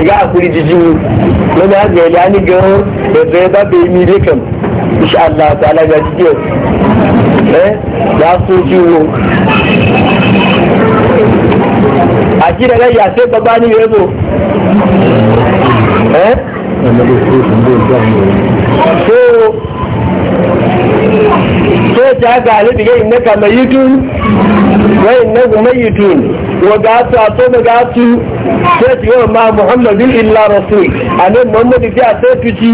ìgá àkúrí jíjí ne lọ́nà àgbẹ̀lẹ̀ á ní gan-an ẹ̀fẹ́ bá bẹ mi ilé kan iṣẹ́ aláàtọ̀ alága jíjẹ́ ẹ́ lásán jí wo. àjídẹ̀rẹ̀ yà sí bàbá ní ìrẹ́bù ẹ́ tó tó jágà lébìyẹ́ ìmẹ́kàmẹ́ yìí dúró wayan nan gumayitin wa ga su a tsoma ga su sai su yawan ma muhammadin illa rasu a nan muhammadin fiya sai su ci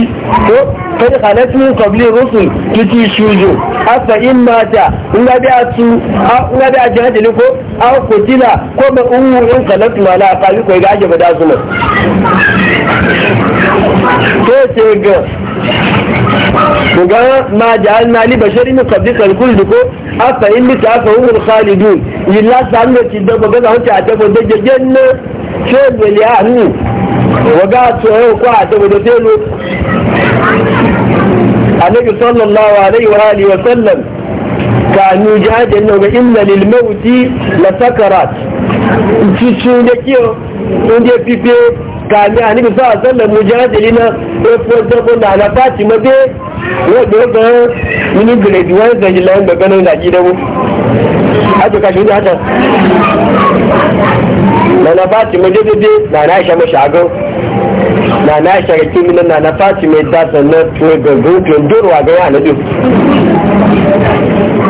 ko kai halittu yin kwabli rusun ki ci shujo asa in mata in ga biya su in ga biya jihar jini ko an kutila ko ba in wurin kalatu mana a kayi kwaye ga ajiye ba da su ne. ko ku ga ma ja'alna li basharin min ko afa in bi ta fa humul khalidun illa san ne tidda ba ga hunta ta da ce wa ga ko a da da telo sallallahu alaihi wa alihi wa sallam inna lil mauti la sakarat ci ci ne kiyo pipe kàmí àníbi fún àtọ́lẹ̀ mú jẹ́ àtẹ̀lé náà epo náà àlàfáàtì mọ́tẹ́ wọ́n gbé náà ìlàjì dẹ́wọ́ àjọkàṣe ní àtàn nana fati mai daidai nana aisha mai shago nana aisha ga na fati mai na ga ga yana duk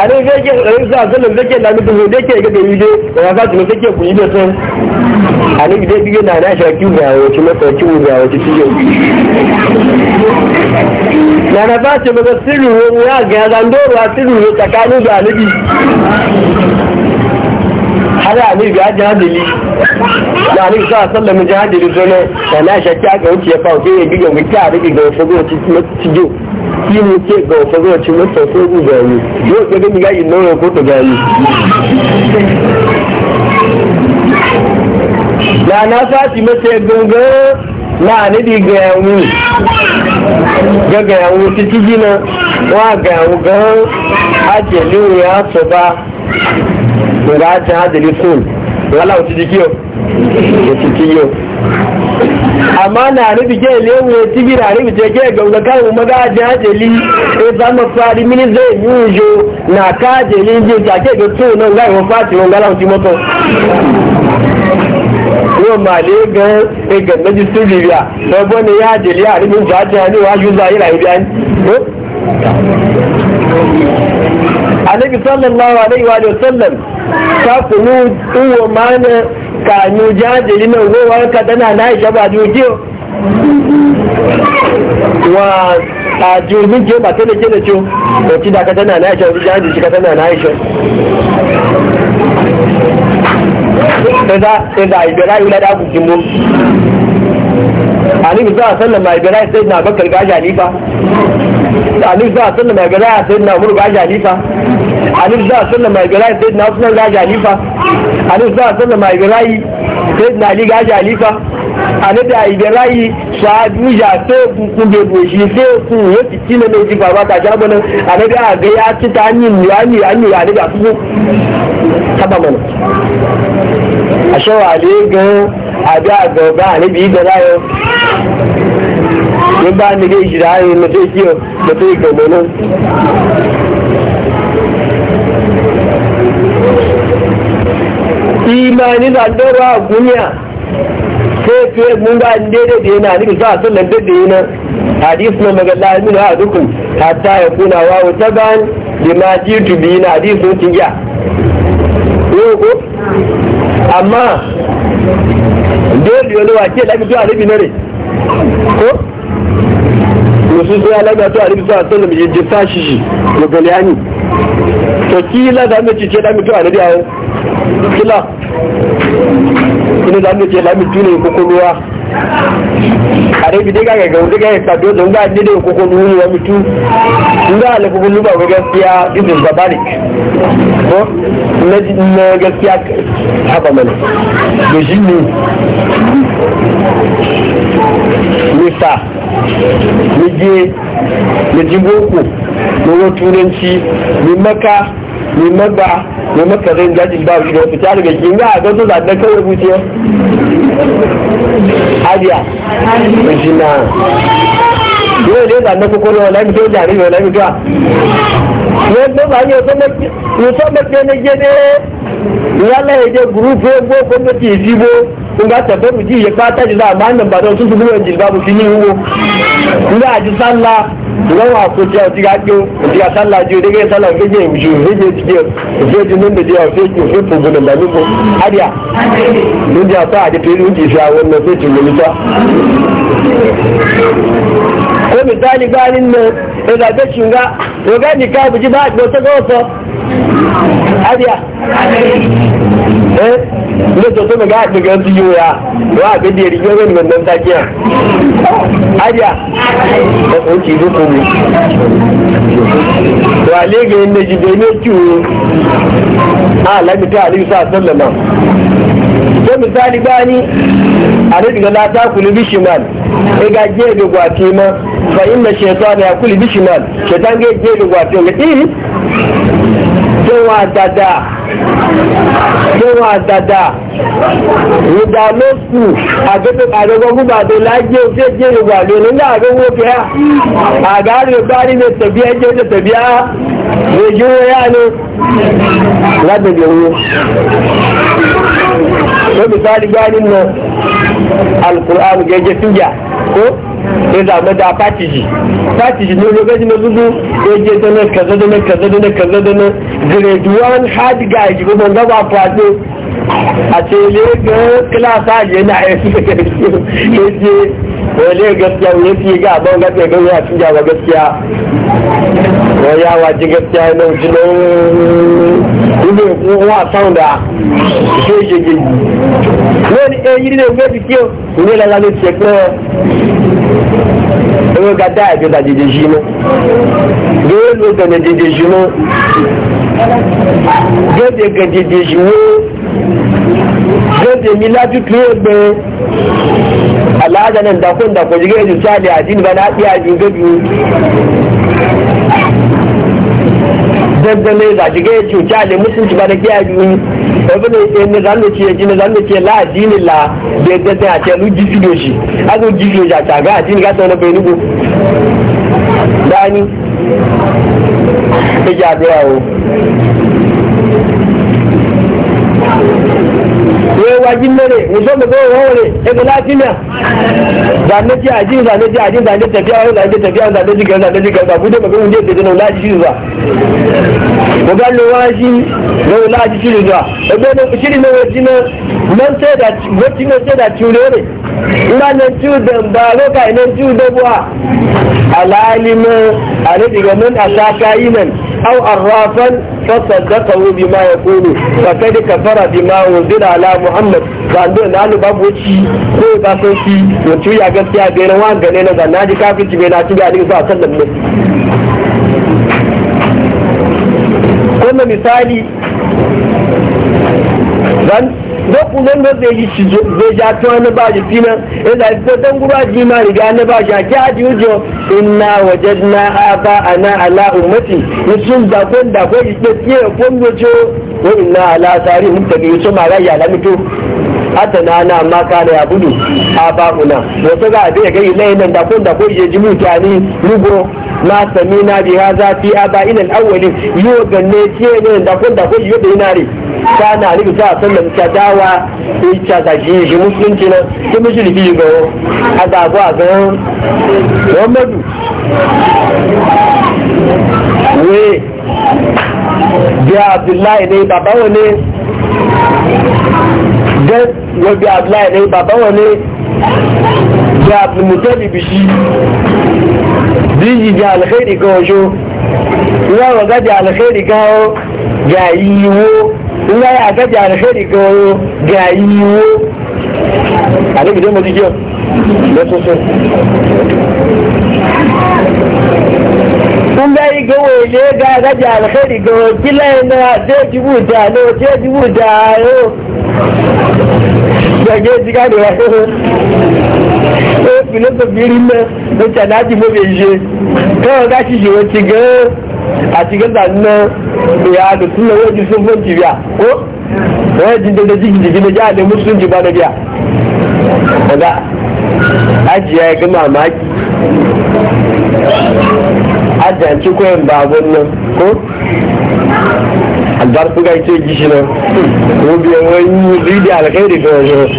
a nan zai ke za a zanen zai ke na mutu zai ke ga da yi dai da ya fata mai take kuyi da sun a zai biyo na na shaki ga wace matsauki ga wace cikin na na ba ce maza sirri wani ya ga ya zandorwa sirri ne tsakanin da alibi har alibi biya jihadili da alibi sa sallar mu jihadili zono da na shaki aka wuce ya fa ke ya biyo wuce a rigi ga wasu goci cikin ka ni tí ẹgbẹ́ òfófó ọtí ló sọ fún ẹgbẹ́ ìgbà yìí yóò gbẹgbẹ́ nígbà yìí lọ́rọ̀ ọkọ̀ tó gbà yìí. lànà sáàtì mẹ́tẹ̀ gbọ̀ngàn náà níbi gẹ̀ẹ́wù gẹ̀ẹ́wù títí jìnnà wọ́n àgẹ̀wù gan-an àjẹ̀lú rẹ̀ àtọ̀bá ìrà àjẹ́ àjẹ̀lú fún wàhálà òtítí kí o òtítí yìí o. amma na rubi ke lewu ya tibi na rubi ce ke gauga kawo maga jajeli ya zama fari mini zai yi ujo na kajeli ji ta ke ga tso nan ga yawan fati wani galan ti moto yau ma le ga e ga na ji sirri biya sai bane ya jeli a rubin jaja ne wa yuza yi rayu biya annabi sallallahu alaihi ta kunu uwa mana kanu jajiri nan gowar ka tana na isa ba dukiyo wa a jirgin ba tele ke da ciwo da ka tana na O wani jajiri shi ka tana na isa sai da ibira yi lada ku kimbo ani bi za sallan ma ibira yi na bakar ga jalifa ani bi za sallan ma ibira yi na ga ani bi sallan ma ibira sai na usman ga jalifa anis ba sallam a ibi rayi sai na ali gaji alifa anis a ibi rayi sa'adu ya sai kun bai goshi sai kun ya na ba ba ta jabo a ga ya ta hanyar niyani an yi anis a fuku taba mana a ali ga abi a ga ba bi da rayo ni ba ni ga shi da ayo na sai kiyo da sai ga mana ni zandora gunya sai fiye mun ga an daidai da yana ni za a sallan da yana hadis na magalla min ha dukun hatta ya kuna wa ta ban da ma ji to bi na hadis sun tiya ko amma dole wani wa ke labi to alibi ne ko musu sai alaga to alibi sa sallam ji fashi shi magalla ni to kila da mace ce da mutu a nabi awo kila ina da mu ce lamin tune ko kokoruwa are bi daga ga gaudi ga ta do don ga ni da kokoruwa ya mutu inda ala ko luba ga gaskiya ibn zabarik ko na gaskiya haba mana da shi ne nisa nije da jiboko da turanci da maka ni maba ni maka zai gajin ba shi da fita daga shi ga a gazo da kawai buce adiya jina yau dai da na kokoro wala mi to jari wala mi to ne ba ba ne so maki ni so maki ne gede yalla ya je group ya go ko ne ti jibo kun ga ta ji ya fata ji za nan ba da su su ne jilbabu shi ne wo ina ji sallah lọ́wọ́ àkójọ ọ̀díga jó ọ̀díga sálàjú ọ̀díga sálà gbéjì ìwùjú méje jíjẹ òféjì nínú ìdí ọ̀féjì òfépògbò nà lọ́lọ́gbò àdìà lóúnjẹ àtọ́ àdìpé lóúnjẹ ìfẹ́ àwọn ọmọ fẹ́tì lónítọ́. ó mi dá nígbà nínú ìdàgbẹ́sùn ga ọ̀gá nìkan àbújí bá àgbọ̀ tó adiya eh ne to to ga da gan biyo ya wa ga da riyo ga nan nan adiya ko ko ci ko ko wa le ga ne ji be ne ki a la ta ali sa sallama ko misali bani a ne daga la ta kulu bi ga je da gwati ma fa inna shaytana yakulu bi shimal shaytan ga je da gwati ga níwọ̀n àdàdà níwọ̀n àdàdà ìdá ló kù àgbẹ́tò àdọ́gbọ́ gúgbàdé láyé oṣù jẹ́ ìgbàlẹ̀ nígbà àgbẹ́wò bí á àgárí ìgbárí ní tẹ̀bí ẹjẹ́ ní tẹ̀bí á rèjú rẹ̀ á ní lágbègbè wo lóbi sáré gbárí alùpùpù àrùn gẹ́gẹ́ síjà kó da amma da fatiji fatiji ne lokaci na zuzu ya da na kaza da na kaza da na kaza da na grade 1 hard guy ji ban ga ba fado a ce le ga class a na su ke wale eh, gaskiya ya fi ga abin gaskiya don ya fi jawa gaskiya wa ya waje gaskiya na wuce don ibe wa sounda ṣe ṣe gidi lórí èyí nílé ìwé fi kí o ní ìlànà ló ṣe ga dá ẹ̀jọ́ da jẹjẹ ṣí mú gbé ló gbẹ̀mẹ̀ jẹjẹ ṣí mú gbé jẹjẹ jẹjẹ gẹ́gẹ́ mi lájú tó yẹ gbé aláàjà náà dákún dákún jígé jù sáàlì àdínì bá náà pé àjù gẹ́gẹ́ dandan ne da shiga ya cuta da musulunci ba da kiya yi ɗafi ne ɗaya ne zanu ce ji ne zanu ce la addini la da dandan a ce lu jisi doshi aka jisi doshi a taga addini ka sauna bai ni wai wajin mere in so mu zo wore e ga lafiya zanne ji aji zanne ji aji zanne tafiya wani zanne tafiya zanne ji ga zanne ji ga ga bude ba ga mun da nan laji shi ko ga lo waji lo laji shi zuwa e be no shi ne waji na nan sai da waji ne sai da cure ne ina nan ju da ba ro kai nan ju da bua alalimin a diga mun asaka yinan أو أرافا فصدقه بما يقول فقد كفر بما وزن على محمد zando babu ci ko ba san shi wato na na zanna kafin ci bai na ci ga sa sallan misali ran dokun nan da zai yi shi zai ja to na ba ji fina in da ko dan gura ji ma riga na ba ja ki aji ujo inna wajadna aba ana ala ummati yusun da kon da ko ji ke ko ngojo wa inna ala sari mun ta yi so ma ga ya la mito ata na na ma ka da abudu aba una wato ga da ga ilai nan da kon da ko ji mutani rugo ma samina bi hadha fi aba ila al-awwalin yo ganne ce ne da kon da ko yi da inare ta na alibi ta sallam ta dawa ita da shi shi musulunci na ta musulunci ga a zabu a gan muhammadu we bi abdullahi ne baba wani dan wa bi abdullahi ne baba wani bi abdulmutali bishi biji da alkhairi ga wajo ya waga da alkhairi ga yayi wo ńlá àgájà àrẹ́fẹ́rì gan-an gàyíwó àlébìdé mo ti jẹ́ lọ́tọ́tọ́ ń bẹ́ igowo yi ga ga àrẹ́fẹ́rì gan-an jílẹ̀ iná àdé na, dà ló tí ìdíbò dà ó gbẹ̀gẹ́ ti káàdì wá ó ó fìlósòfì rí mẹ́ ó tẹ̀ láti mọ́ bẹ̀ ṣe kọ́ ọ̀gá ṣìṣòro ti gan-an a cikin zannan ya da suna wajen sun fanci biya ko wajen da da jiki jiki na jiha da musulunci ba da biya daga ajiya ya gama maki ajiyanci koyon babon nan ko albarku ga ce gishi nan ko wani zidi alkhairi ga wajen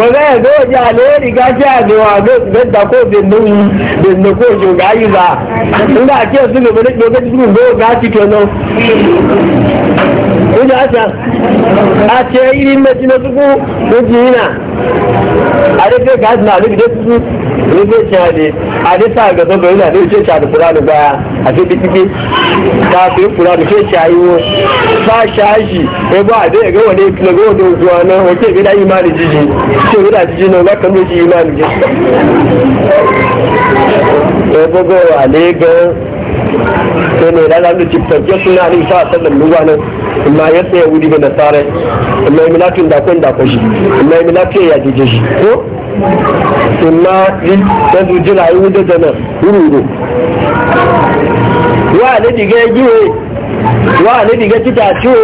wanda ya zo alheri ga ce a zewa ga da ko benin benin ko jo ga yi za inda a ce su ne bane ɗoga cikin go ga ci to nan ko da ta a ce irin mai na suku ko jina a rike ga na rike da su rinjeciya ne a nisa ga zama yana da rinjeciya da baya a fi bitiki ta fi kuranu ke shayiwo ba shashi ya ba da ya ga wani na ga wani zuwa na wake gida imani jiji ce gida jiji na ba kan doji imani jiji ya bugo a legan sai ne lalata da ciptake suna ne sa sallan luwa nan amma ya tsaye wuri ga nasarai amma ya milatun dakon dakon shi amma ya milatun ya jije shi ko sunna tẹ́sù jílá ewu dẹ́dẹ́ náà rúrùrù wà nídìgẹ́ yíwe wà nídìgẹ́ títà tíwe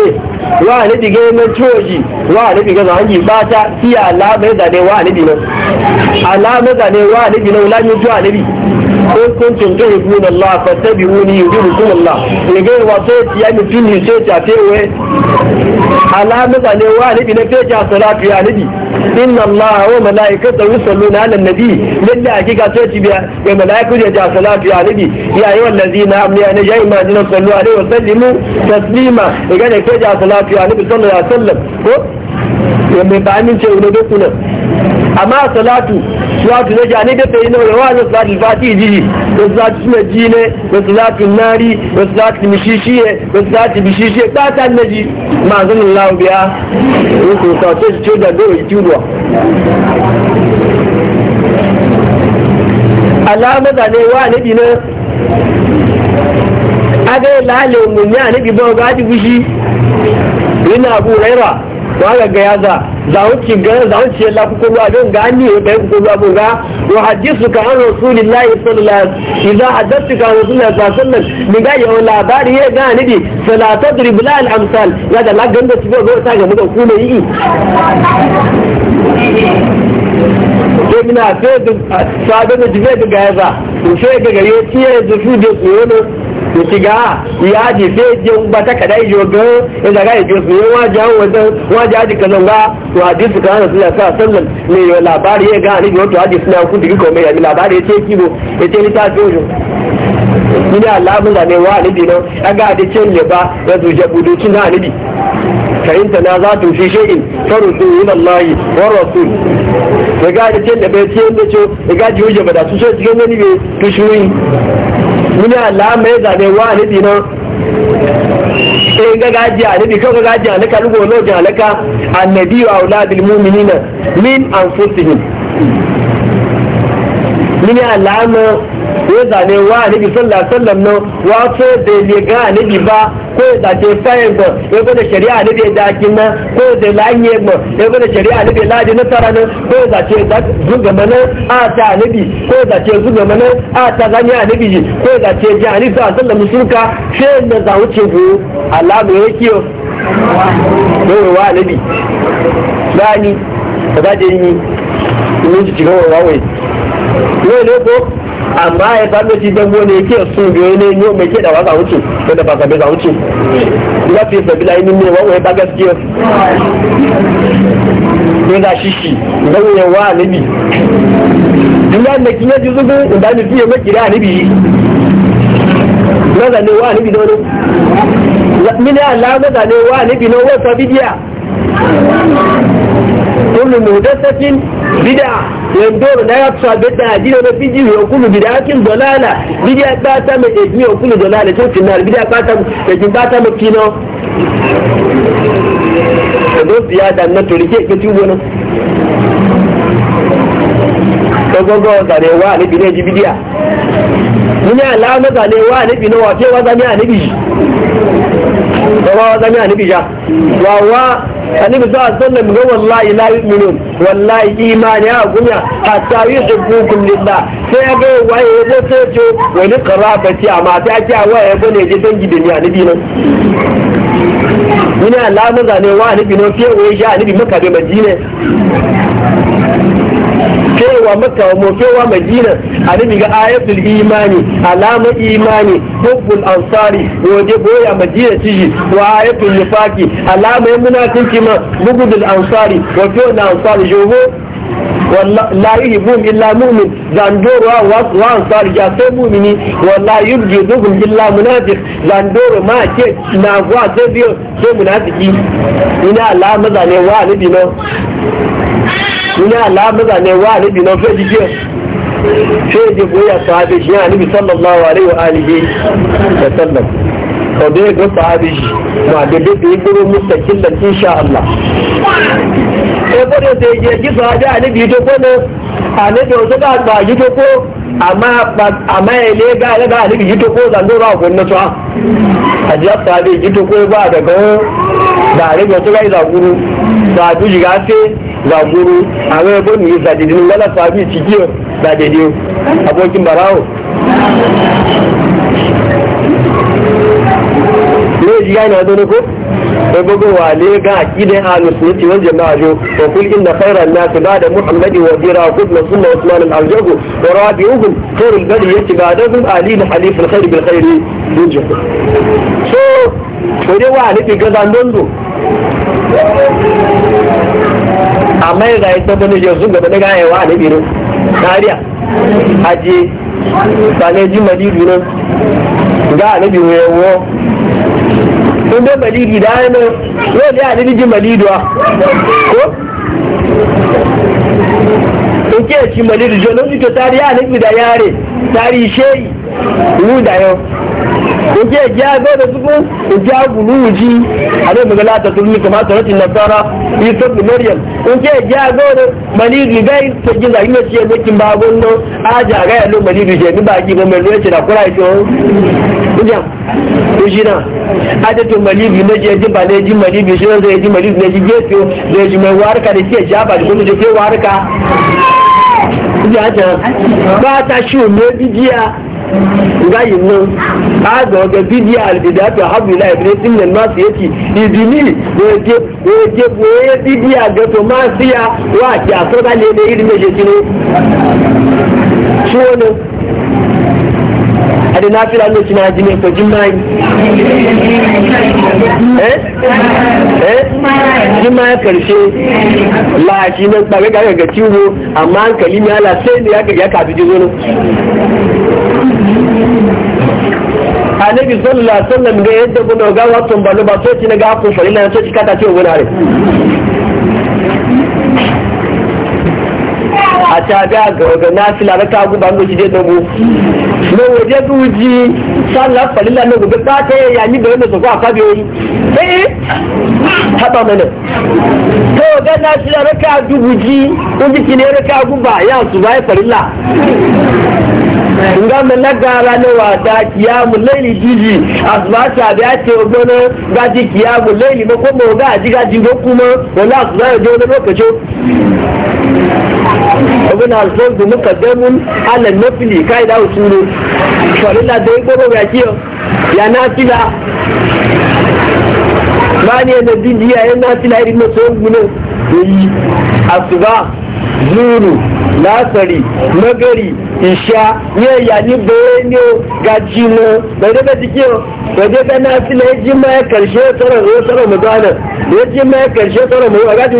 wà nídìgẹ́ mẹ́tíwòjì wà nídìgẹ́ zàájì báta sí àlàmẹ́zàdẹ ne nídìgẹ́ àlàmẹ́zàdẹ wà nídìgẹ́ olájújú bi. in kuntum tuhibbuna Allah fattabi'uni yuhibbukum Allah ne ga wa sai ya mi fini sai ta tewe alamu da ne wa ne na ta salatu ya nabi inna Allah wa malaikatahu yusalluna ala nabi lalle hakika sai ta biya ga malaiku ne ta salatu ya nabi ya ayu allazina amni ya nayi ma dinan sallu alaihi wa sallimu taslima ga ne ta salatu ya nabi sallallahu alaihi wa sallam ko ya mai ba amince ne da kuna amma salatu شواك زي جاني دي بينا ويوانا صلاة الفاتحة دي وصلاة اسم الجينة وصلاة الناري وصلاة المشيشية وصلاة المشيشية تاتا النجي ما ظن الله بيا ويكو ساتش جدا دو يتوبوا علامة ذا نيوانا دينا aga yi lalai umarni a nufi bau gadi gushi yana abu raira wa ga gaya za zawuci ga zawuci ya lafi ko ruwa don gani ya kai ko abu ga wa hadisu ka an rasulullahi sallallahu alaihi idan hadasu ka rasulullahi sallallahu alaihi min ga yau labari ya ga ni salatu dribla al amsal ya da lagan da ta ga ku mai yi ke mina fe da sabon da jibe ya ko fe ga gare ci ya zufu da tsoro òfin gá ìyá àjì fẹ́ jẹun bá tákàdá ìjọ gan ìdàgá ìjọsìn yẹn wọ́n jẹ́ àwọn ọ̀dọ́ wọ́n jẹ́ àjì kan lọ́gbà tó àdìsù kan lọ sílẹ̀ sáà sọ́lọ̀ ní ìyọ̀ làbárí yẹn gan níbi wọ́n tó àjì sílẹ̀ ọkùn dìrí kan mẹ́yàmí làbárí etí kíbo etí ní táàtì òjò nílẹ̀ aláàmúlà ni wà níbi náà ẹgbẹ́ àdìsí ń lè da ce ce ce ba da su ce cikin wani muni ala mai zane wa alibi nan in eh, ga gaji alibi kan ga gaji alaka lugo no jalaka annabi wa an mu'minina min mini alama ya zane wa alibi sallallahu sallam nan wato da ya ga alibi ba ko ya zace fayin ba ya gwada shari'a alibi ya dakin nan ko ya zai lanye ba ya gwada shari'a alibi ya ladi nasara nan ko ya zace zuga mana a ta alibi ko ya zace zuga mana a ta zani alibi ji ko ya zace ji alibi sallallahu sallam sunka shi da za wuce go alama ya kiyo ne wa alibi lani da da yi ni mun ji cigawa wawai yau ne ko amma ya da su biyo ne yau mai ke da waka wuce ko da baka bai za wuce ya fi sabi ne ba gaskiya ne da kin yaji ni fiye makira na zane wa mini Allah na zane wa na wata bidiya bid'a yandoro na ya tsa da da jira fiji kulu bi da akin dalala bi da ta kulu dalala bi da ta da ba ta kino e ya da to rike ke tubo na e to gogo da ne wa ne bi ne jibidiya mun ya alama da ne wa ne bi na wa ke wa ne bi wa wa da ne bi ja wa wa annabi za a sallam ga wallahi la yu'minun wallahi imani ya gunya hatta yuhibbukum lillah sai ya ga waye ya zo sai ce wani qarabati amma sai ake waye ya bane je dangi da ni annabi nan ina alamun zane wa annabi nan sai waye shi annabi maka da madina cewa makka wa kewa madina annabi ga ayatul imani alama imani hubbul ansari waje boya madina ciji wa ayatul nifaqi alama ya munafinci ma bugudul ansari wa kewa ansari jogo la yuhibbuhum illa mu'min zandoro wa wa ansar ya sai mu'mini wala yubghiduhum illa munafiq zandoro ma ke na gwa sai biyo sai munafiki ina Allah maza ne wa alibi no suna alamuza ne wa alibi na fẹ́ jíjẹ́ fẹ́ jẹ bóyá sàábẹ̀ ṣe alibi sallallahu alaihi wa alibi da sallam ọdún ẹgbẹ́ sàábẹ̀ ṣe ma gẹ́gẹ́ bí i gbúrú mustaqil da insha Allah ẹgbẹ́ da ṣe jẹ́ jí sàábẹ̀ alibi tó kọ́ ní alibi ọ̀tọ́ ká gbà yí tó kọ́ àmá ẹ̀lẹ́ gá ẹ̀lẹ́gá alibi yí tó zan zandora ọ̀gbọ̀n náà tó a jẹ́ sàábẹ̀ yí tó kọ́ bá àgbẹ̀gbọ́n da alibi ọ̀tọ́ da ìzàgúrú sàábẹ̀ yí ga fẹ́ zaguru àwọn ẹgbẹ́ mi zàdìdì ní lọ́lọ́fà bí ìtìjú ọ̀ zàdìdì ọ̀ abọ́jú bàrá ọ̀. lóòjì yá ìnà ọdún kó ẹgbẹ́gbẹ́ wà lé gan àkídẹ́ alùsùn tí wọ́n jẹ máa jọ òkúlù ìnà fẹ́rẹ̀ náà ti bá da muhammadu wa bíra ọkùnrin na sunna usman al-aljago wọ́n rábi ogun fẹ́rẹ̀ bẹ́rẹ̀ yẹ́ ti bá dọ́gbọ́n alì na halifu alkhari bilkhari lójú. so òde wà níbi gazan dondo da àmọ́ ìgbà gaba tó ní ṣe òsùn gbọ̀dọ̀ nígbà ẹ̀wà níbi rẹ̀ káríà ajé ga mẹ́lìdì náà ìgbà níbi rẹ̀ wọ́ ndé mẹ́lìdì dáhẹ́ náà yóò dé àdídíjì mẹ́lìdì wa ko nke ci mali da jono ni to tari ya nabi da yare tari sheyi wu da yo nke ja go da su ja buluji ale mu gala ta tulmi kama ta ratin nasara isa bin maryam nke ja go da mali da gai to ji da ina ce ne kin ba gondo a ja ga ya mali da je ni ba ki ba mai lo ce da kura jo kujam kujina ada to malibi na je ji bale ji malibi shi zai ji malibi ne ji gefe zai ji mai warka da ke jaba da kuma je ke warka bíbí àjọ bá táṣí òmé bíbí à nga yi nan a ga ga bidi albida to habu ila ibn sinna masu yake ibini waje waje waje bidi a ga to masu ya wa ki da ne da irin da shi ne shi wannan àti náfìlà ló ti máa jí ní jí máa yìí. ẹ ẹ jí máa karshe láàṣì náà gbàgbé gàgà gàtí wo àmọ́ àǹkàlí ni àlà sẹ́ẹ̀lì yàkà àbíjú lónìí. annabi sallallahu alaihi wasallam ga yadda kuna ga wasu balu ba so ci ga ku farilla kata ce wani a ta ga ga nafila na ka guba ngo jide dogo no waje duji sallah falilla no gobe ta ta ya ni da ne so ko akabe yi eh haba mana to ga nafila na ka dubuji ko jiki ne na ka guba ya su bai falilla nga mɛ lagara ne wa da kiyamu leli jiji asuba sabi ati ogbona gaji kiyamu leli mo ko mɛ o mo di aji gaji mo kuma wala asuba yɛ do ne mo co. abin alfon da muka gamun ala nafili kai da usulu farilla da ya gogo ga kiyo ya nafila ba ne na bidiya ya nafila irin na tsohon gunan yayi asuba zuru lasari nagari. ìṣá ní ẹ̀yà ní bẹ̀rẹ̀ ní o ga jí mọ́ bẹ̀rẹ̀ ti kí o bẹ̀rẹ̀ bẹ̀ náà sí lẹ́ jí mọ́ ẹ̀kẹ̀ṣẹ́ tọrọ ìwé tọrọ mọ́tọ́ àná jí mọ́ ẹ̀kẹ̀ṣẹ́ tọrọ mọ́tọ́ ọ̀gá ni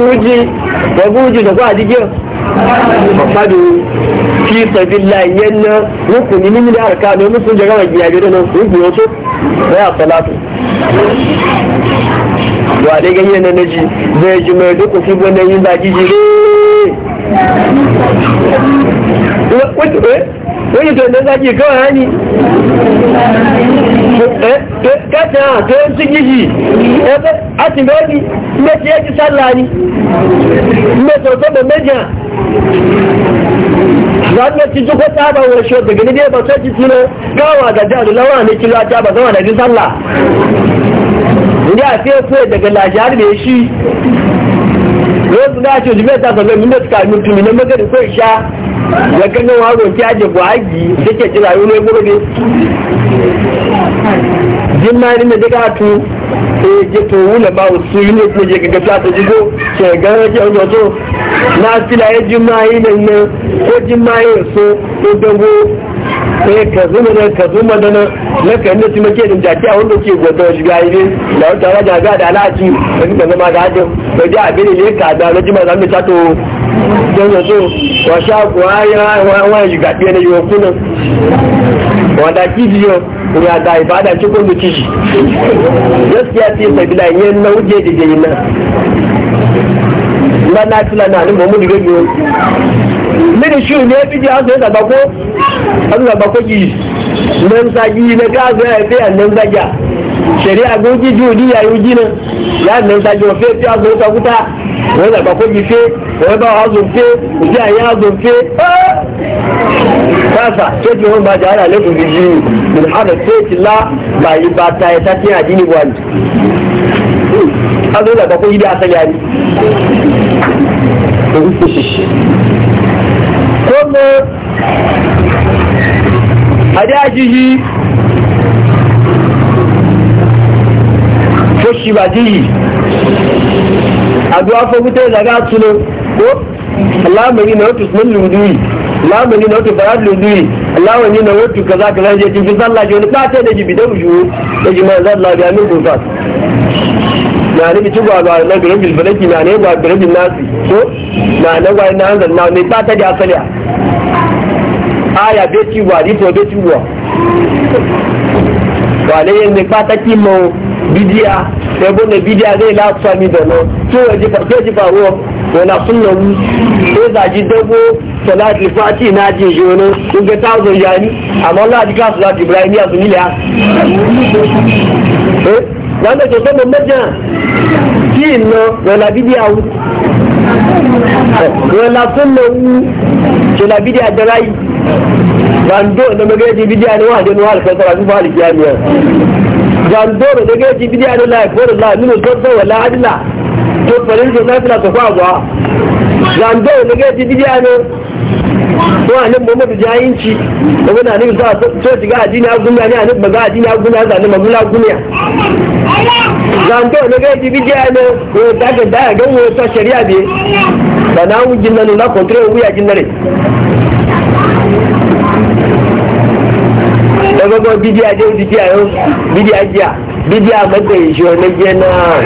wa da ganye na naji zai ji mai duk kusi gwanan yin zaki jire wani to na zaki kawai hani kata to yin sun gishi a ti mẹ́rin mẹ́ta yẹ́ ti sálà ni mẹ́ta ọ̀tọ́bọ̀ mẹ́jà ranar ci jiko ta ba wa shi daga ni dai ba sai ci tuno gawa da jihar lawa ne kilo a ta ba zama da sallah ndị a sai sai daga lajiyar mai shi rozu na ce jimai ta sanar min da suka mutu ne maka ka kai sha ya kan gawa roki aje buhagi da ke jira yau ne gobe ne e yi ne na fila e jin ma ne ko jin ma so ko dogo eh ka zuma ne ka zuma da nan na ka inda su make din jaki a wanda ke gwada wasu gayi ne da wata raja ga da alhaji da suka zama da hajjin bai a abin ne ka da na jima zan ta to don da so wa sha kuwa ya wani shiga ɗaya na yiwu kunan wanda kijiyo ya da ibada cikin da kishi gaskiya ce sabila yin na wuce da jayi na na na tula na ni mamu da gajiyo mini shiru ne fi ji azu ya zaba ko azu zaba ko gi nan zagi na ga azu ya fi nan zaga shari'a go ji jodi ya yi gina ya nan zagi wa fi fi azu ta kuta wani zaba ko gi fi wani ba azu fi ji a yi azu fi kasa ce ki wani ba ji ana lefu jiji min hada ce ki la ba yi ba ta ya ta tiya jini wani azu zaba ko gi da asali ya ni kọ́mọ adájíhí tó ṣìbàjíhì àdúwá fọ́gútẹ́ ìzàgá túnlọ kó aláàmì náà tó sún lùdúì aláàmì náà tó bàrá lùdúì aláàmì náà tó kàzá kàzá jẹ́ da fi sálàjọ́ nípa tẹ́lẹ̀ jìbìdẹ́ òjò ẹjìmọ̀ ìzàdàlàbí amígbòfà na ni bitu gwa gwa na birin bilbilaki na ne gwa birin nasi so na na gwa na hanzar na ne ba ta da asali a aya be ti gwa di to be ti gwa gwa ne yin ne ba ta ki mo bidiya ebo ne bidiya ne la tsami da no so e ji fa so ji fa wo wala ko sai zaji dago salati fati na jin jono kun ga ta zo yani amma Allah ji ka salati Ibrahim ya zuni la eh wanda to sai mun ki no wala bidiyawu wala sunnawu to la bidiya da rai zando da magaji bidiya ne wa da nuhal kai salati ba alkiyamiya zando da magaji bidiya da la ko la min so so wala adla tó pẹ̀lú tó náfìlà tó fún àbọ̀ zando nígbà tí dídí àná wọn àní mọ́mọ́tò jẹ́ ayínci ko náà níbi sáà tó ti gá a agúnmí àní àní gbàgbá àdínì agúnmí àti àní mọ̀mọ́lá agúnmí à. zando nígbà tí dídí àná wọn dákẹ́ dáyà gẹ́ wọn sọ sẹ́rí àbí bàná àwọn jìnnà nínú akọ̀tún ewu yà jìnnà rẹ̀. ẹgbẹ́gbẹ́ dídí àjẹ́ òdìdí àyọ́ dídí àjẹ́ jiya. bíbí àmẹ́tẹ̀ ìṣọ́ ẹlẹ́jẹ́ náà ah,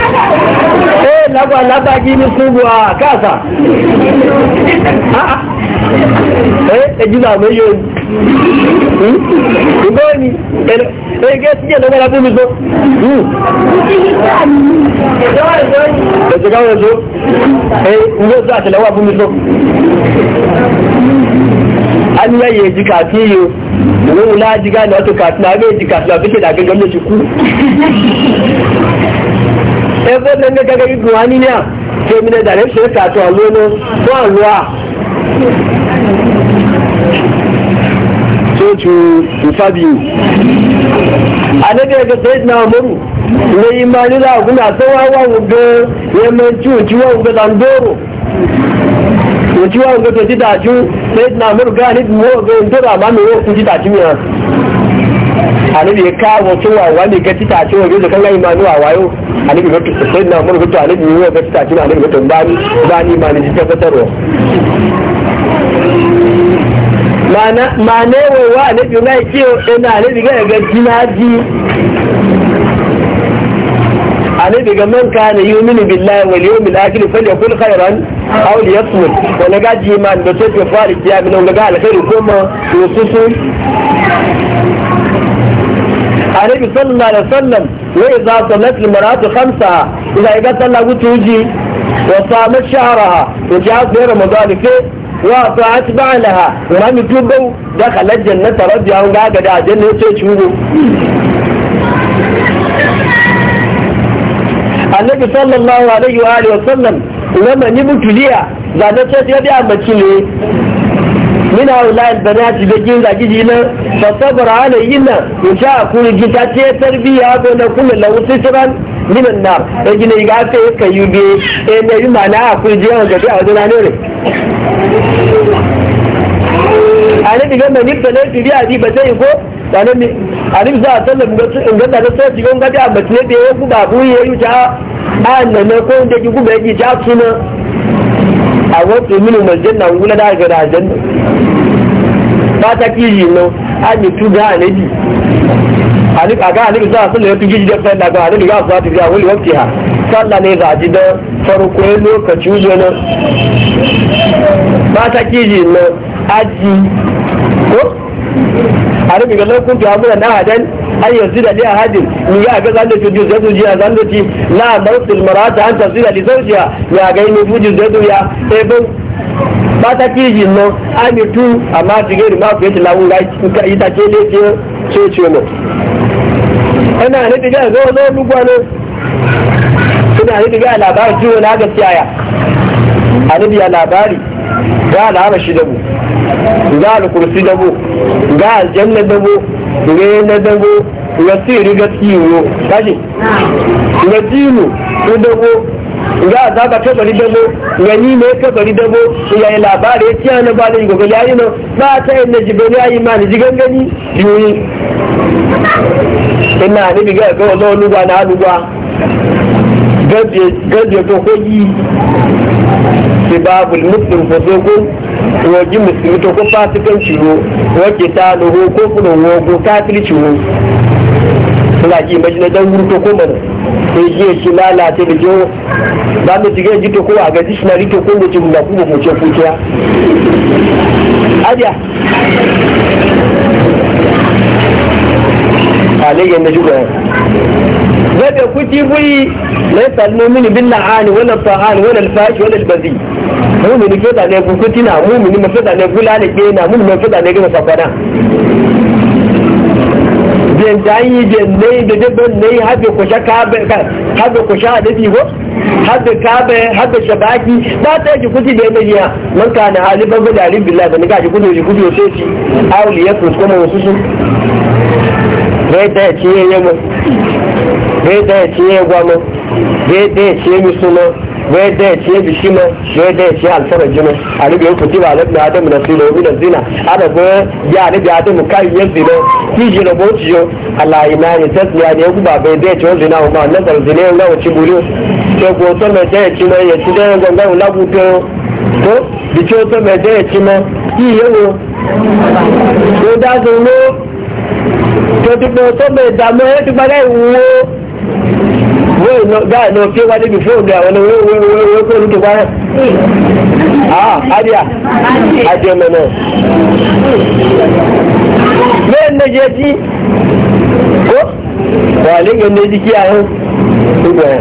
ah. ẹ lábà lábàjí ní ṣúgbọ́ àkáàsà ẹ ẹjúbà mẹ́yọ hmm? ìgbọ́ ni ẹgbẹ́ síjẹ̀ lọ́gbàrá fún mi tó ẹ̀ṣẹ̀gáwọ̀ ẹ̀ṣọ́ ẹ̀ ń gbé sí àtẹ̀lẹ́wà fún mi tó an yaye ji kafin yo domin wula ji gane wato kafin na ji kafin abin da gangan da ku ẹgbẹ́ tó ń gẹ́gẹ́ gẹ́gẹ́ gùn wá ne tí omi náà da ṣe é kàtọ́ lónà fún àwọn à tó ju ìfábíyù àdẹ́gẹ́ gẹ́gẹ́ tó ń náà mọ́rù lẹ́yìn máa nílẹ̀ àgúnà tó wá wà wù gan-an yẹn mọ́ tí ò wọ́n ti wá ń gbẹ́gbẹ́ títà jú lẹ́yìn amúrúgá ni wọ́n gbé ń dọ́rọ̀ àmá mi wọ́n kú títà jú yẹn àníbi káwọn tó wà wá ní gẹ́ títà jú wọ́n yóò kán ni máa ní àwá yóò àníbi mẹ́tò lẹ́yìn amúrúgá tó àníbi wọ́n gẹ́ títà jú àníbi mẹ́tò bá ní bá ní máa ní títẹ́ fẹ́tẹ́ rọ̀. màánà wọ̀ wá àníbi láì tí ẹnà àníbi gẹ́gẹ́ jí عليه بمن كان يؤمن بالله واليوم الآخر فليقل خيرا أو يصمت ونجا جيمان بسيط يفارج يا من ونجا الخير وكما يوصصون عليه صلى الله عليه وسلم وإذا صلت المرأة خمسة إذا إجت الله وتوجي وصامت شهرها وجاءت في رمضان كي وأطاعت بعلها وما نتوبوا دخل الجنة رضي عن قاعدة دا جنة تشوفوا النبي صلى الله عليه وآله وسلم zama ni mutuliya za na ce ya biya mace ne mina wallahi banati da jin zagi ji na fa sabra alayhin na insha ku gita ce tarbiya ko na kullu lahu sitran min an na. e gine ga ta ka yube e eh, ne yi mana ku je ga ga wajen na ne ale diga mai ni tale biya ji ba zai ko tale mi ali za ta lamu ga in ga da sai diga ga da mutune da ya ku babu yayi ta a nana ko da ki kuma yake ja suna a wasu minu maljan na wula da ga rajan ba ta kiji no a ni tu ga anabi ani a ga anabi za su ne ki gidi da fa da ga anabi ga su ta ga wani wakti ha sallah ne za ji da farko lokaci jona ba ta kiji no aji ko anabi ga lokacin da abuda na hadan har yanzu da liya hadin ni ya ga zan da tuju da tuji ya zan da ti marata an tasira li zawjiha ya ga ni e no tu amma tigeri ma ku yace lawu ga ita ke le ke ce ce mu ana ne diga zo zo gwanu ina ne diga labari ji wala gaskiya ya annabi ya labari ga al'arashi dabo ga al'kursi dabo ga aljanna dabo ga na dabo ga siri ga tsiro kashi ga tsiro ko dabo ga azaba kabari dabo ga ni mai kabari dabo ya yi labari ya ciya na bada gobe ya yi nan ba ta yin na jibiri ya yi ma ni jigan gani yoyi ina ni biga ga wani lugwa na lugwa gaje to ko yi ce babu muslim fusukun waji musulmi to ko fasikanci wo wake ta nuhu ko furin wogo ta fili wo suna ji mai na dan wurto ko mana sai ji ya shi lalata da jiwo ba mu tige ji to ko a ga dictionary rike ko mutum na kuma mu ce aja adiya alayyan na jugo gabe kuci buyi la yasalmu min bil la'an wala ta'an wala al wala al-bazi mu'mini ke ne ku kutina mu'mini mafi da ne gulale ke na mu'mini mafi da ne ga safana biyan dai biyan ne da dabban ne habe ku shaka ka habe ku sha da bigo ka ba habe shabaki ba ta ji kuti da yanayiya man kana haliban gudarin billah da ni ga ji kudu ji kudu sai ci awliya ku kuma wasu su sai ta ce yayin bẹ́ẹ̀dẹ́ tí yẹ gbọmọ bẹ́ẹ̀dẹ́ tí yẹ musulmọ bẹ́ẹ̀dẹ́ tí yẹ bishimọ bẹ́ẹ̀dẹ́ tí yẹ alifọ̀rọ̀ jimọ alibi o kuti ba alibi adamu na sinu omi na zina adagbọ ya alibi adamu ka yẹ zinọ kí jìnnà bó ti yọ alayi náà yẹ tẹsí ya ni egu ba bẹ́ẹ̀dẹ́ tí zina o ma lẹ́sọ̀rọ̀ zina yẹ ńláwọ̀ tí bulu tẹ̀gbọ́ tó mẹ́tẹ́ tí yẹ ti dẹ́ gbọ̀ngàn lábù tó tó bìtí ó tó mẹ́tẹ́ tí mọ́ kí yẹ wo tó dá wọ́n lọ gáà lọ pé wá níbi fóònù àwọn owó kó lókè wá. ah adia adiọmọ náà bẹ́ẹ̀ ní ẹjẹ́ tí ó wà lẹ́yìn ní ẹjí kí ahọ́n gbogbo ẹ̀.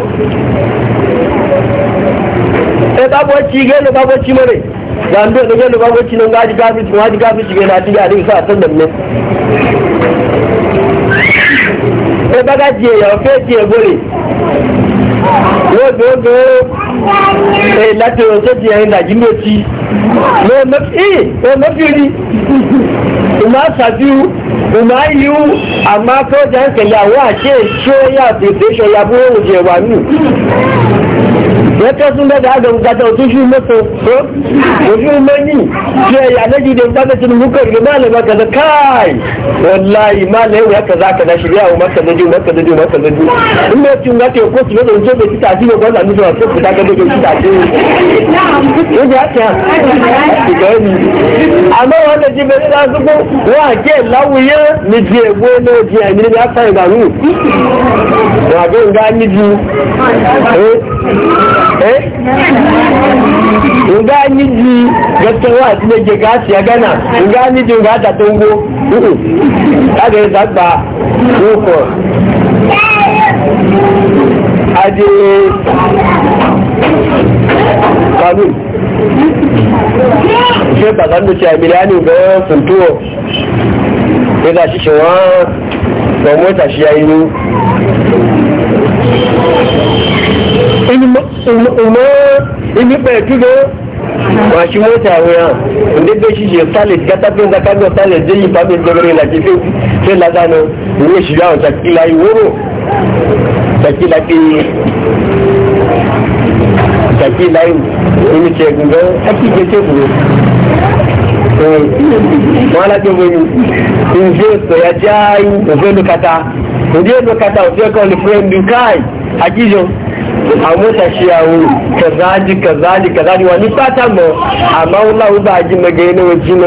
ẹ bá bọ́ tí gẹ́ ló bá bọ́ mọ́rẹ̀ ló bá bọ́ gáfíìsì gáfíìsì náà àti mi. ẹ bá ká di èèyàn fẹ́ di ègbòrè lóògbé ẹ láti ọ̀rọ̀ tó di ẹ̀yìn nàìjí ti lọ́mọ́fìrí ìmọ̀ àṣàjú ìmọ̀ ayíwú àmọ́ akọ́jà ń kẹ̀yàwó àṣẹ ìṣó yàtọ̀ ìfẹ́ṣọ̀ yàbúrò òjẹ̀wà nù ẹ̀kẹ́ tún bẹ́ẹ̀ dáadọ̀ gbàtà òtúṣù a tó òṣù mẹ́ni tí ẹ̀ yà lẹ́jì dé gbàtà tinubu kẹrì máa lè máa kẹta káàì wọláyì máa lè wẹ́ kẹta kẹta ṣe bí àwọn mẹ́kẹ̀lẹ́dì mẹ́kẹ̀lẹ́dì mẹ́kẹ̀lẹ́dì ilé tí wọ́n ti kó sílẹ̀ tó bẹ títà sí yi àti ìṣòro tó kùtà gẹ́gẹ́ bí títà sí àmọ́ wọn lè ti bẹ̀rẹ̀ lásìkò wọn àjẹ́ láwùyé ní di ya ní òdì ẹ̀mí ní afẹ́ ìgbàlú wọn àjẹ́ ni níbi eh nga ni ji gaskiya a cikin ga siya gana nga ni ji ga ta tungo ta ga da ba ko ade kanu ṣe bàbá ló ti àmìlánì gan fòtó ọ̀ nígbà ṣíṣe wọ́n pọ̀mọ́ta ṣe ayinú ilmi bai tudo mashi mota wuya inda bai shi je salis ka tafi da kaga salis zai yi fabi dogare na kifi la zano ne shi yawo takila yi wuro takila ki takila yi ni ce gunga aki ke ce ku wala ke mu injo to ya jai uvelo kata uvelo kata uvelo kata uvelo kata uvelo kata uvelo kata uvelo kata amota shi yawo kazaji kazaji kazaji wani fata mo amma wala uba ji magaye na wajina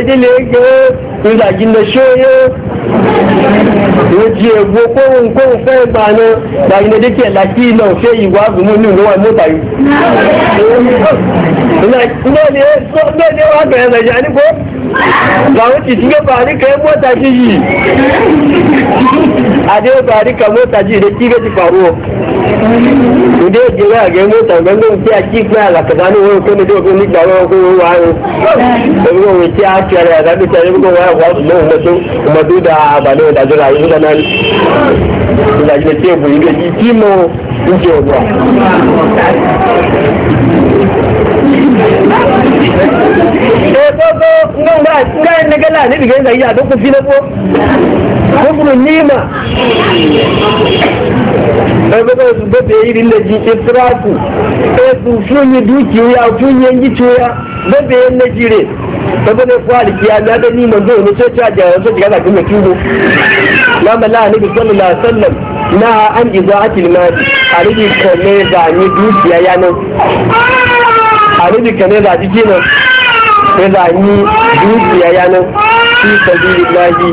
wa yau ìgbàgí lè ṣe é ojú ègbò kóhùn kóhùn fẹ́ ìgbà náà gbàgí lè dékè láti ilẹ̀ wa mọ́ta yìí. bẹ́ẹ̀ ni wọ́n bẹ̀rẹ̀ nàìjíríà nígbó làwọn ti ti gbé bàárí ìdí èjì náà gẹ mọ́tà gbẹ́ngbẹ́ tí a jí gbé àlàkàtà ní wọn kọ́ni tó fún nígbà wọn kó wá ní. èmi kò tí a fẹ́rẹ̀ àtàbí tí a yẹ́bí kò wá wà lọ́wọ́ mọ́tò mọ́tò da àbálẹ̀ ìdájọ́ la yẹ́bí kanáà ní. ìdájọ́ tí èbù yìí lè yí tí mo ń jẹ ògbà. Ekoko ngongba ngai negela ni bigenza iya dokufi lepo. Kokulu nima. ẹgbẹ́gbẹ́ oṣù bẹ́bẹ̀ yìí lè jí ìtìráàkù ẹ̀sù fúnni dúkìá fúnni ẹ̀yìn tíya bẹ́bẹ̀ yẹn lè jí rẹ̀ ẹgbẹ́gbẹ́ fún àlìkí alábẹ́ ní ìmọ̀ gbọ́n oníṣẹ́ tí àjà ọ̀ṣọ́ ti gbàgbà gbọ́n kí wo lámàlá níbi sọ́lọ́lá sọ́lọ́ náà án ìgbà àtìlímáàdì àríbi kọ̀mẹ́ẹ̀dà ní dúkìá yá náà àríbi kọ̀mẹ́ẹ̀dà jíjí náà mẹ́ẹ̀dà ní dúkìá yá náà sí ìtọ́jú ìgbà yìí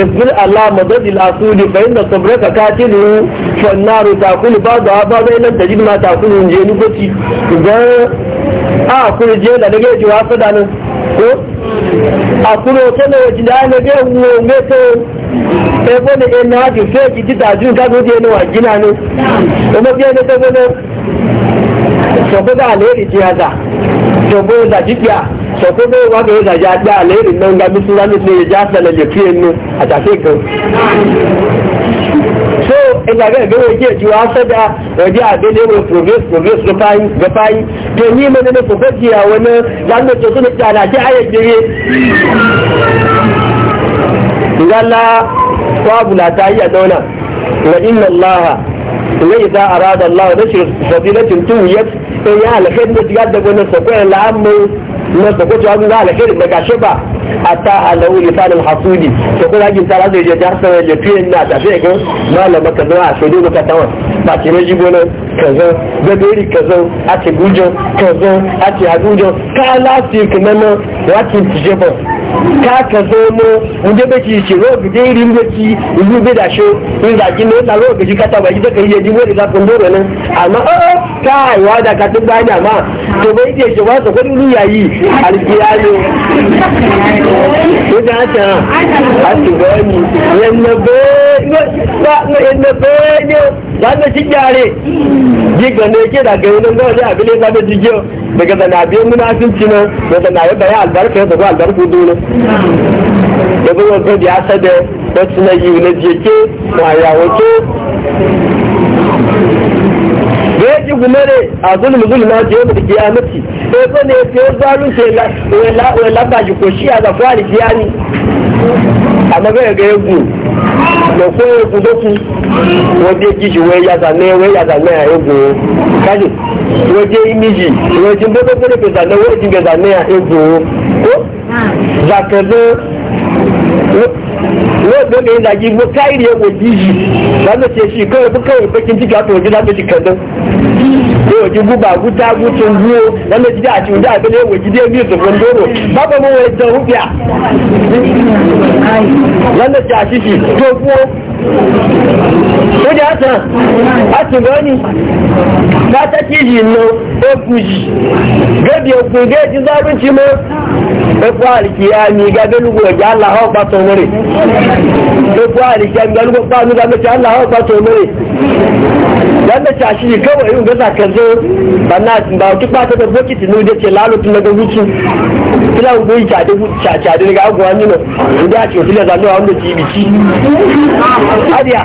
yasbir Allah madadil asuli fa inna sabraka katilu fa naru taqulu ba'da ba na hajji sai ki ji dajin gano sọ̀kóbó wà ní ìdájá ajá àlẹ́rìn náà ń ga bí súnmọ́ nípa ìjà àtàlẹ̀ lè fi ẹnu àtàfẹ́ kan. so ìgbàgbẹ́ ìgbẹ́wò jẹ́ ìjú asẹ́dá ọjọ́ àgbélẹ̀wò progress progress gọfáyí tó ní ìmọ̀ nínú kòkó ti àwọn náà lánàá tó tó nípa àdájẹ́ ayẹyẹ ngala kwabula ta yi a dauna ga inna allaha wa idza arada allah nashr fadilatin tu yat ya alkhayr da tiga da gona sakwai la'amu na za a ga alheri daga ba hatta alau lisan al-hasudi to ko zagin ta zai je jar fiye na ta sai ga malama ka zuwa sai dole ka tawa ba ki ne jibo nan kaza da dori kaza a ti gujo kaza a ti hagujo ka lati kana wa ki tije ba ka ka zo mo unde be ki ci ro gide ri mbe ki ilu be da sho in da ki ne da ro gide ka ta ba gide ka yi ji mo da kun dole nan amma o ka wa da ka tun ma to bai je ki ba ko ni yayi alkiyayo ìdájà àtìwọ́ni ẹnẹ̀bẹ́ẹ́ni láti jíjà rẹ̀ jígan ní ẹjẹ́ ìdàgẹ̀ iná náà ní àbílẹ̀ láti jíjẹ́ daga da na biyan munafin cina daga na yadda ya albarka ya zaba albarku dole da zama zai ya sada wacce na yi na jeke ma yawo ke ji gumare a zulmi zulma ce yau da kiyamati sai ko ne sai zalun ce la wala ba ji ko shi a ga fari kiyani amma ga ga yego da ko yego da ku waje ji ji wai ya zane wai ya zane a yego kaji waje imiji waje bodo bodo be zane waje be zane a yego ko zakazo wani don da yin iri ya wani yi ba ce shi kawai bu kawai bakin ciki a to wajen zaɓe shi kadan yóò ti gbú bá gúta gútu wú o wọn lè jíjẹ àti ìjà àgbélé ìwé jíjẹ bí ìsòfò ńdóró bábà mú wọn jẹun ó bíà wọn lè ti àṣìṣì tó fún o ó jẹ àtàn àtùgọ́ni látẹ́kì yìí lọ ogun yìí gẹ́gẹ́ ogun gẹ́gẹ́ ti sáré ti mọ́ epo alikiya ni gabelugu ọjà aláhọ́ pàtó dan da tashi kawai yau gaza ka zo banna ba ba ta da bokiti ne da ce lalo tun daga hutu kila ku yi tade daga agwa ni no inda ce a wanda ci bici adiya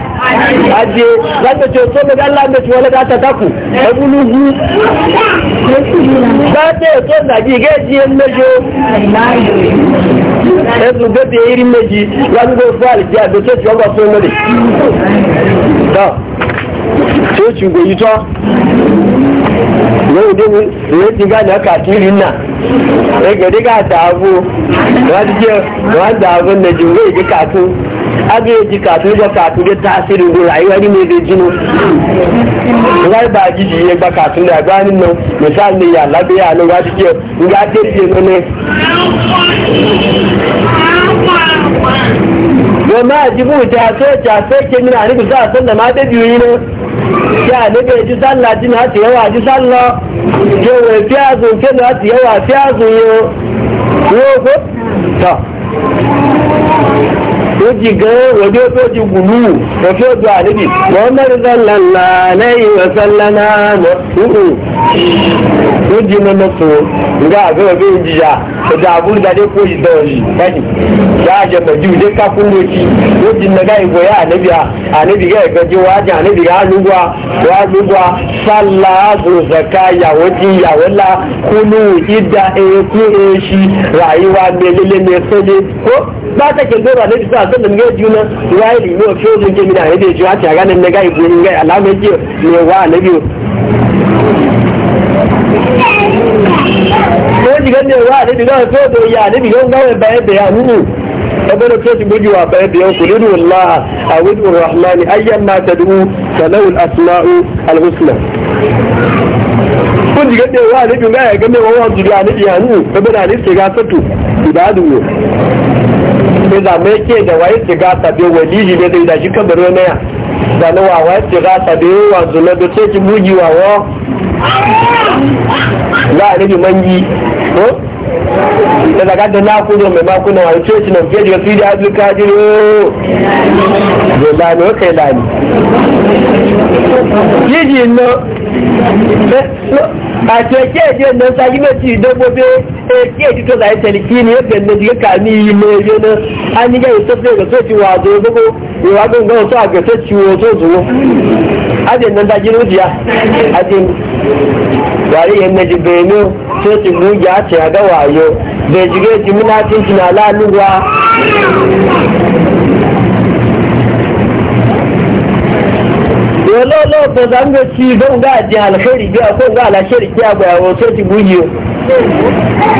aje dan da ce to daga Allah da wala da ta taku da buluhu ba ta to da ji ga ji en mejo Ẹ̀sùn bẹ́ẹ̀ irin méjì, wọ́n ń gbé fún àlìjẹ́ àgbẹ̀tẹ́sì ọgbà fún ọmọdé. tí ó ti gbòyí tán lóòdé mi lè ti gánà kàkiri náà ẹgbẹ̀dẹ́ ká dààbò wọ́n jẹ́ wọ́n dààbò nàìjíríà èdè kàtó agbèjì kàtó jọ kàtó dé tá a sì rí wòrà yíwá nínú èdè jínú wọ́n bá jíjì yẹn gba kàtó ní àgbá nínú lábẹ́ àná wọ́n ti jẹ́ wọ́n máa náà máa dé ya annabi ji sallah na hati yawa ji sallah ke wai fiyazu ke na hati yawa fiyazu yo yo ko ta oji gan wabi o toji gulu wafi odo alibi muhammadu sallallahu alaihi wa sallama ó di iná náà tó nga àgbẹ̀ ọ̀bẹ ìjìyà ọ̀dà àbúrò dáadé kó yìí dọ̀ yìí báyìí yáa jẹ pẹ̀jú ìdè kápú lójì ó di iná ká ìwé ànẹ́bí ànẹ́bí ká ìgbẹ́jì wá jẹ ànẹ́bí ká lúgbà wá lúgbà sálà àgbòsàká yàwó di yàwó la kúlù ìdá eku èṣì ràyíwá mẹlẹlẹ mẹsẹlẹ kó bá tẹ̀kẹ̀ gbé wà lẹ́bi sáà sọ́dọ̀ nígbà jù náà wáyé lì ní òfin òfin jẹ́mi náà gan ne wa so do ya ga bayan da ya hu abin da su guji wa bayan da ya ku lidu Allah ayyan ma tad'u al-asma'u al-husna kun ne wa ga wa ya hu da ibadu ne da me ke da wai ne da shi ne ya da wa wai wa da ki wa wa la people daga gada na kudu mai makuna wa ce ci fiye da zai lani o kai lani jiji no a ce sagi ci e to zai taliki ne yadda na jiga kami yi mai yi an yi wa zo gan gan so a ga so zuwo nan na jibe ne soci rujiya ce a gawa wayo bai jige ji munafinci na laluwa wani lokacin da zanga ci don ga ji alkhairi biya ko ga alashari kiya ga yawo sai ki gujiyo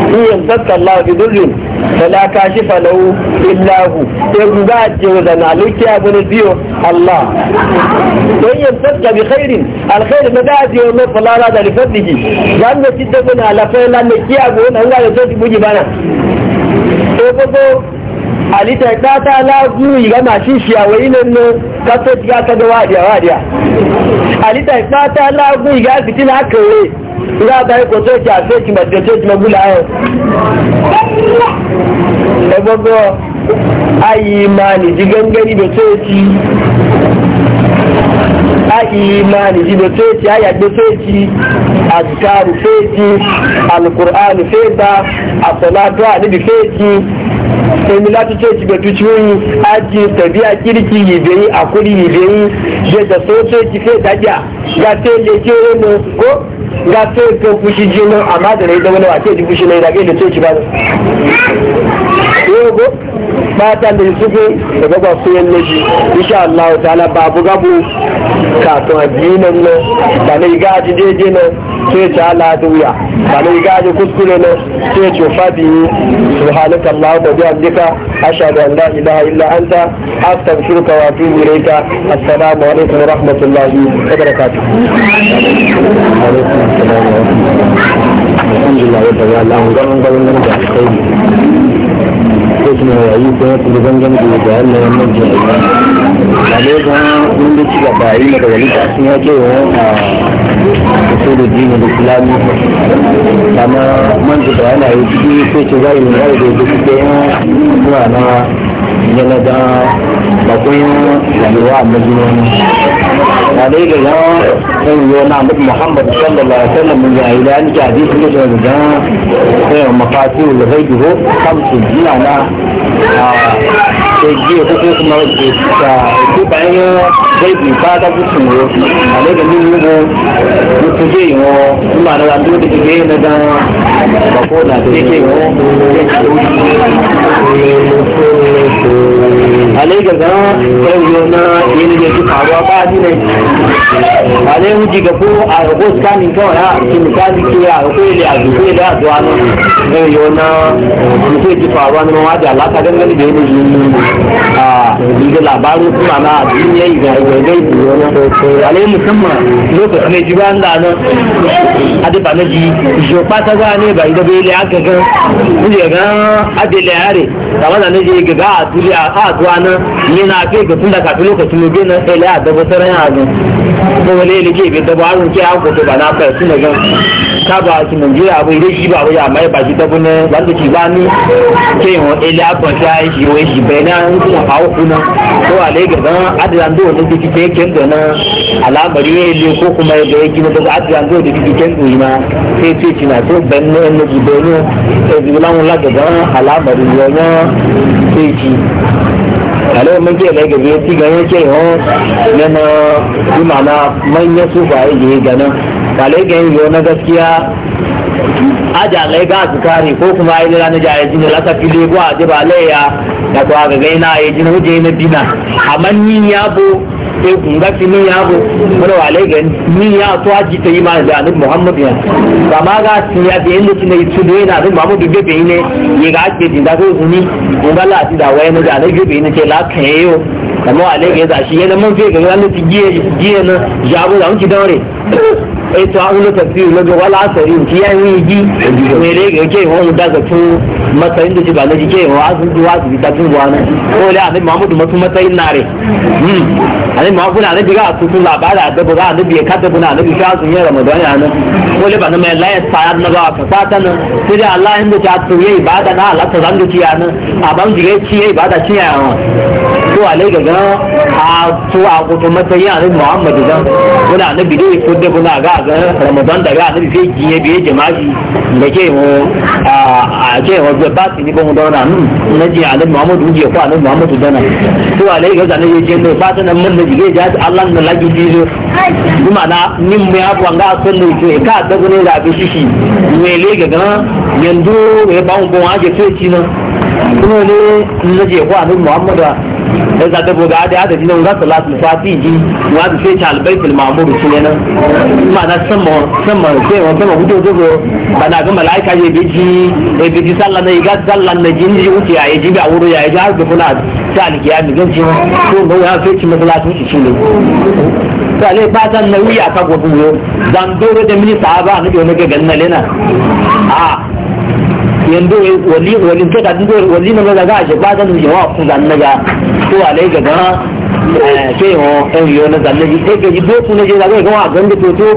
in yanzaka Allah bi durrin fala kashifa lahu illa hu sai ga ji da na lukiya bune biyo Allah وإن يمتزق بخير الخير مدعز يوم الله فالله رادة لفضله لأن سيدة بنا على فعل لأن كي أقول هو يسوك مجبانا أبقوا أليت أتاتا لا أقول لما شيشيا وإن أنه قصت جاكا دواديا واديا أليت a imani jibe feci a yagbe feci azkaru feci alkur'ani feta a salatu a nabi feci emi lati church betu chiwuyi aji tabia kiriki yibeyi akuri yibeyi je da so church fe daja ga te le chere mo ko ga te ko fushi jino amma da rai da wani wace ji ne da ga da church ba yogo bata da yusufu da gaba su yin laji insha Allah ta'ala babu gabu katon addinin nan da ne ga aji jeje nan sai ta laduya bani gaji kuskure na sai ce fadi subhanaka allah wa bihamdika ashhadu an la ilaha illa anta astaghfiruka wa atubu ilayka assalamu alaikum wa rahmatullahi wa barakatuh alhamdulillah wa ta'ala an lokacin da yayi sai ya kuma zangan da ga Allah ya mai da Allah ne ga mun da ci gaba yi daga wani ta sun yake wa usul din da islami kama man da yana yi sai ce yi ne da duk da kuma na yana da bakwai rayuwa da zuwa a dai ga yan kan yi wani abu muhammad sallallahu alaihi wasallam mun yayi da an ji hadisi ne da ga sai mafatihu al-ghaibi ko kamsu dina na je ko ko kuma je ta ko bayan yo zai bi ba da butu ne a daga min yi ko mutu je yi wo kuma da wanda da ke na da ba alai ga ga yau na yana da duka ruwa ba ni ne alai huji ga ko a ko scanning kawai a ki misali ki a ko ile a duke da zuwa no yau yau na mutum ji faruwa na ma da alaka dangane da yanayi a da labarin kuma na yi ga gaigai alai musamman lokacin ne ji ba da nan adeba na ji jo pata ga ne ba idabe ile aka ga ni ga adele are tawala ne ji ga a duniya a na. nan yana fi ga tun da kafin lokacin mu gina ila a dabo saran ya azun ko wale ne ke bi dabo azun ke an koto ba na fa su ne gan ka ba su mun jira abu idan shi ba wai amma ba shi dabo ne ba da ki ba ni ke yi ila ba ta yi shi wai shi na an kuma hawo kuna ko ale ga dan adiran do ne ki ke ken da na alamari ne ne ko kuma da yake da dabo adiran do da ki ken do ma sai ce ki na to ban ne ne ki bai ne e bi lan la ga dan alamari ne ne sai ki alawar mace da gabe ya ci gane ce ho na na kuma na manya su ba ya je ganin kalai ga yin na gaskiya aja lai ga su kare ko kuma ai da na jaye jini laka fili ko a ji ba laiya da ko ga gaina ya jini huje na dina amma ni ya bo nga fi ni ya bu mana wale gan ni ya to aji ta iman da annabi muhammad ya ba ga ya be ye ga din da ko ngala la ti da waye ne da annabi be ne ce la kan yo amma wale da shi yana mun fe ga annabi giye giye na jabu da mun dore eh to an wala asari ki ya yi ji ne le ke ho da ga tu matsayin da shi ba na jike wa su duwa su bita tun zuwa nan ko da annabi Muhammadu mutum matsayin na nare annabi Muhammadu na annabi ga su sun labara a dabu ga annabi ya kada buna annabi sha su yin Ramadan ya nan ko da ba na mai layar sayar na ba ka fata nan sai da Allah inda ta su yayi ibada na Allah ta zan duki ya nan a ban jige ci yayi ibada ci ya wa to alai ga a to a kuto matsayin annabi Muhammadu dan buna annabi dai ko da buna ga ga Ramadan da ga annabi sai giye biye jama'i da ke mu a ke mu da yi ba mu dauna nun na ji alim muhammad ji ko alim muhammad dana to alai ga zane je jendo ba ta nan mun da jige ji ga allah na lagi jizo kuma na nim mu ya ga sun ne to ka da gune da bi shi me le ga ga yanzu me ba mu bon aje to ci na kuma ne na ji ko alim muhammad ya zaɗa boga da ya daji nan za su lasu fati ji wa su sai ta albaitul su ne nan ma na sama sama sai wa sama hudu zuwa ba na ga malaika ya biji ya biji sallah na ga sallah na jinji wuce ya yi jibi a wuri ya yi ji har da kuna ta alkiya mi gan cewa ko ba ya sai ci masalatu shi shi ne ta le ba zan nauyi a kan gobe zan doro da mini ba a nake wani gagan na lena a yando wali wali ke da wali na ga ga ba da jawa ku dan naga to alai ga ga ke ho en yo na zalle ji ke ji do kun je zaga ga gan da toto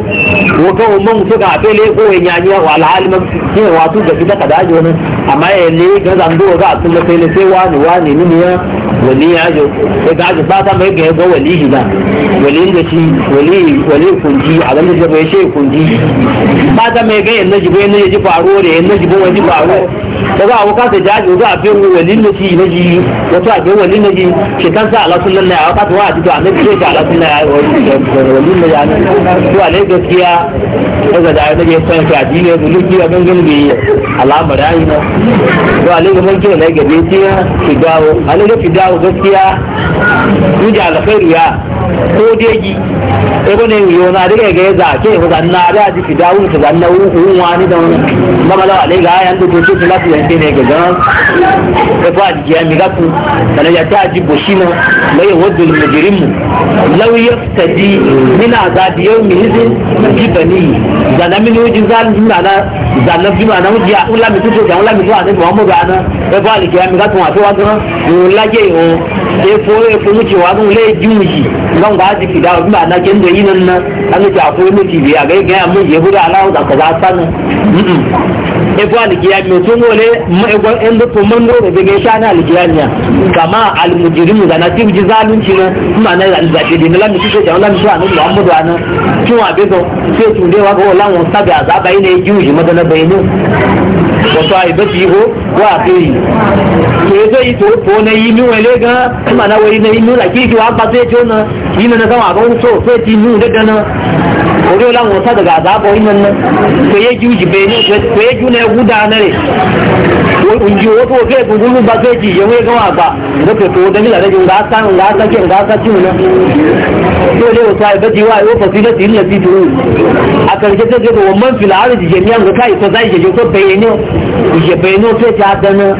wo ka umman mu ga apele ko en ya ni wa alhal ma ke wa tu ga kida kada jo ne amma ya le ga zan do ga sun da kai sai wa ni wa ni ni ya wali ya jo sai ga ji fata mai ga ga wali ji da wali da shi wali wali kunji a ganin da bai shi kunji fata mai ga yan na ji bai na ji faro da yan na ji daga abu ka ta jaji za a fi walin na ji na ji wato a fi walin na ji shi kan sa alasun nan ya wata wa a jito a nan ta alasun nan ya walin na ya nan to alai gaskiya daga da na ya san ka ne muluki a gangan bi alama rayi na to alai ga mun na gabe tiya ki dawo alai ga fi dawo gaskiya yi da alkhairu ya ko deji ne yona daga ga za ke ko dan na da ji fidawu ta dan na hu wani da wani mama da ga yan da to la fi yanke ne ga ga e da fa ji ya mi ga ku kana ya ta ji boshina mai wadu al mujrimu law yaftadi min azab yawmi izin jibani da na min wujin zalim na na Ji ma na wujin ya ula mi tuto da ula mi to anan muhammadu ana da e fa ji ya mi ga tun a to wa o efo efo mu cewa zan lai juji zan ga ji fida ba na kin da yinan nan an ce akwai miki biya ga ga mun yahuda Allah da kaza sanu efo alikiya mi to ngole ego en do to mun ngore be ga shana alikiya nya kama almujrimu da natibu ji zalunci na kuma na da ji din lamu ce da lamu to anu Muhammadu ana kin wa be go sai tunde wa ga wala won sabi azaba da juji madana bayinu wa sahibati ho wa akhi ke zai to to na yi ni wele ga na yi nura ki wa ba sai na yi na san wa gon so sai ti nu daga na ko dole lan daga azabo yin nan to ye juji be ne to ye juna guda na re ko unji wato ke gungulu ba ji ga wa ba da to to da ni da ga san ga ta ke ga ta ci na to le wa sahibati wa yo fasilati illati to a karshe sai ga wannan fil ardi jami'an ga kai ko zai je ko bayyane jebeno ta ta dana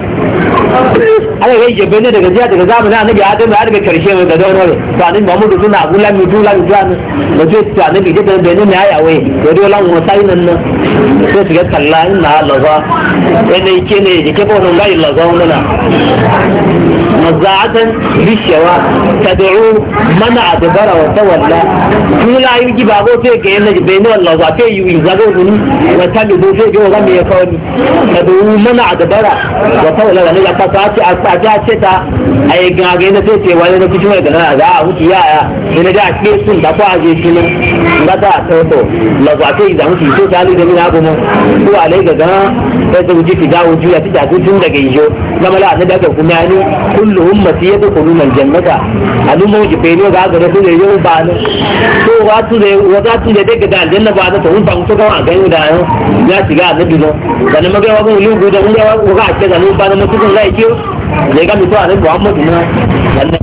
ana ga jebeno daga daga zamani annabi adam ya daga karshe mai gadon wani to annabi muhammadu suna abula mi dula mi dula da ce to annabi ga da benin ya yawe da dole lan wata nan nan sai su ga kalla inna allaha yana yake ne yake ba wannan ga illaha wannan نزاعة بالشوا تدعو من أدبر وتولى تولا يجي بابو في كين بين والله وفي يزغوني وتلبو في جو غمي يكوني تدعو من أدبر وتولى لأن لك تاتي أستاجا شتا أي غاغين تيتي ولا نكتشوا يقنا ذا أوتي يا إن جاء كيسون دفع جيشنا لذا أتوتو لو أتي إذا أوتي سوى تالي دمين أبو مو هو عليك غا فتوجي في داو جوية تتاكو تندك إيجو لما لا أتدك كماني كل kullu ummati yadkhuluna aljannata adu mo jipeno ga ga su ne yau ba ne to wa tu ne wa ga tu ne daga da aljanna ba da to un ban to ga ga yau da yau ya shiga annabi no dan maga wa mu lugu da mun ga wa ga ce ga mun ba da mutum